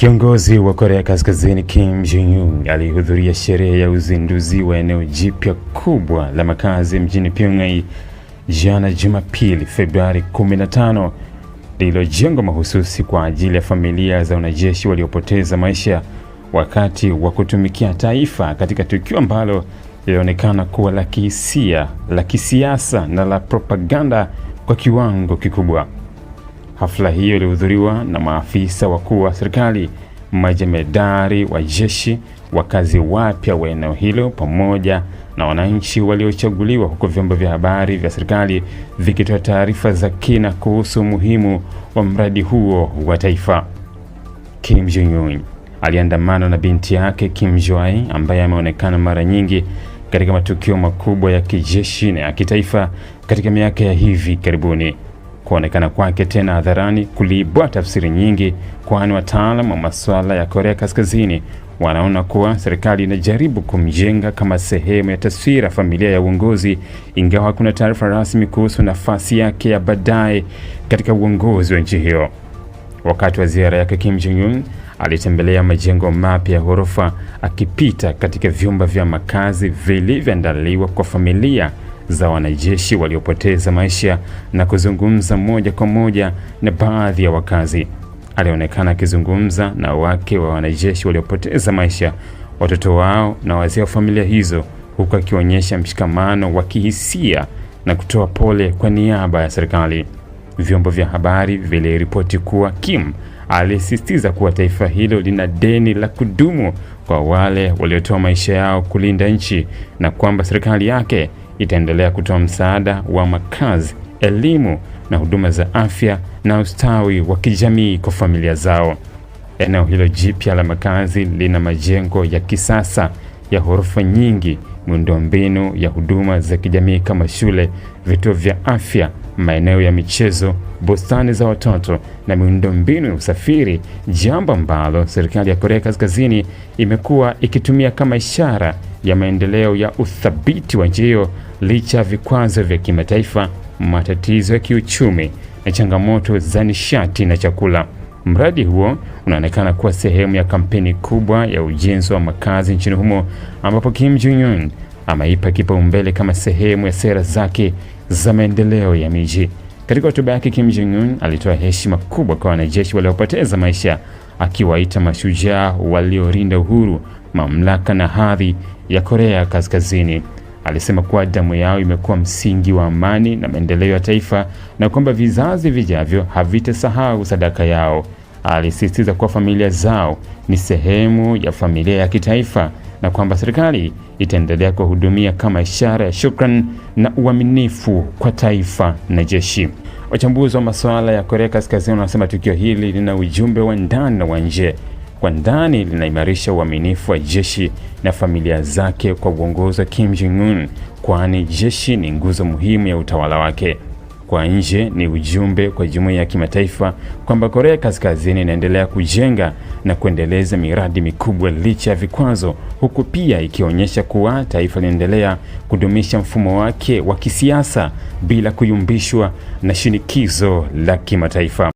Kiongozi wa Korea Kaskazini Kim Jong Un alihudhuria sherehe ya uzinduzi wa eneo jipya kubwa la makazi mjini Pyongyang jana Jumapili, Februari 15, lililojengwa mahususi kwa ajili ya familia za wanajeshi waliopoteza maisha wakati wa kutumikia taifa katika tukio ambalo lilionekana kuwa la kihisia, la kisiasa na la propaganda kwa kiwango kikubwa. Hafla hiyo ilihudhuriwa na maafisa wakuu wa serikali, majemedari wa jeshi, wakazi wapya wa eneo hilo pamoja na wananchi waliochaguliwa, huku vyombo vya habari vya serikali vikitoa taarifa za kina kuhusu umuhimu wa mradi huo wa taifa. Kim Jong Un aliandamana na binti yake Kim Joai ambaye ameonekana mara nyingi katika matukio makubwa ya kijeshi na ya kitaifa katika miaka ya hivi karibuni kuonekana kwake tena hadharani kuliibua tafsiri nyingi, kwani wataalam wa masuala ya Korea Kaskazini wanaona kuwa serikali inajaribu kumjenga kama sehemu ya taswira familia ya uongozi, ingawa hakuna taarifa rasmi kuhusu nafasi yake ya baadaye katika uongozi wa nchi hiyo. Wakati wa ziara yake, Kim Jong Un alitembelea majengo mapya ya ghorofa, akipita katika vyumba vya makazi vilivyoandaliwa kwa familia za wanajeshi waliopoteza maisha na kuzungumza moja kwa moja na baadhi ya wakazi. Alionekana akizungumza na wake wa wanajeshi waliopoteza maisha, watoto wao na wazee wa familia hizo, huku akionyesha mshikamano wa kihisia na kutoa pole kwa niaba ya serikali. Vyombo vya habari viliripoti kuwa Kim alisisitiza kuwa taifa hilo lina deni la kudumu kwa wale waliotoa maisha yao kulinda nchi na kwamba serikali yake itaendelea kutoa msaada wa makazi, elimu na huduma za afya na ustawi wa kijamii kwa familia zao. Eneo hilo jipya la makazi lina majengo ya kisasa ya ghorofa nyingi, miundombinu ya huduma za kijamii kama shule, vituo vya afya, maeneo ya michezo, bustani za watoto na miundombinu ya usafiri, jambo ambalo serikali ya Korea Kaskazini imekuwa ikitumia kama ishara ya maendeleo ya uthabiti wa nchi hiyo licha ya vikwazo vya kimataifa, matatizo ya kiuchumi na changamoto za nishati na chakula. Mradi huo unaonekana kuwa sehemu ya kampeni kubwa ya ujenzi wa makazi nchini humo ambapo Kim Jong Un ameipa kipaumbele kama sehemu ya sera zake za maendeleo ya miji. Katika hotuba yake, Kim Jong Un alitoa heshima kubwa kwa wanajeshi waliopoteza maisha, akiwaita mashujaa waliorinda uhuru mamlaka na hadhi ya Korea Kaskazini. Alisema kuwa damu yao imekuwa msingi wa amani na maendeleo ya taifa na kwamba vizazi vijavyo havitasahau sadaka yao. Alisisitiza kuwa familia zao ni sehemu ya familia ya kitaifa na kwamba serikali itaendelea kuwahudumia kama ishara ya shukrani na uaminifu kwa taifa na jeshi. Wachambuzi wa masuala ya Korea Kaskazini wanasema tukio hili lina ujumbe wa ndani na wa nje kwa ndani linaimarisha uaminifu wa jeshi na familia zake kwa uongozi wa Kim Jong Un, kwani jeshi ni nguzo muhimu ya utawala wake. Kwa nje ni ujumbe kwa jumuiya ya kimataifa kwamba Korea Kaskazini inaendelea kujenga na kuendeleza miradi mikubwa licha ya vikwazo, huku pia ikionyesha kuwa taifa linaendelea kudumisha mfumo wake wa kisiasa bila kuyumbishwa na shinikizo la kimataifa.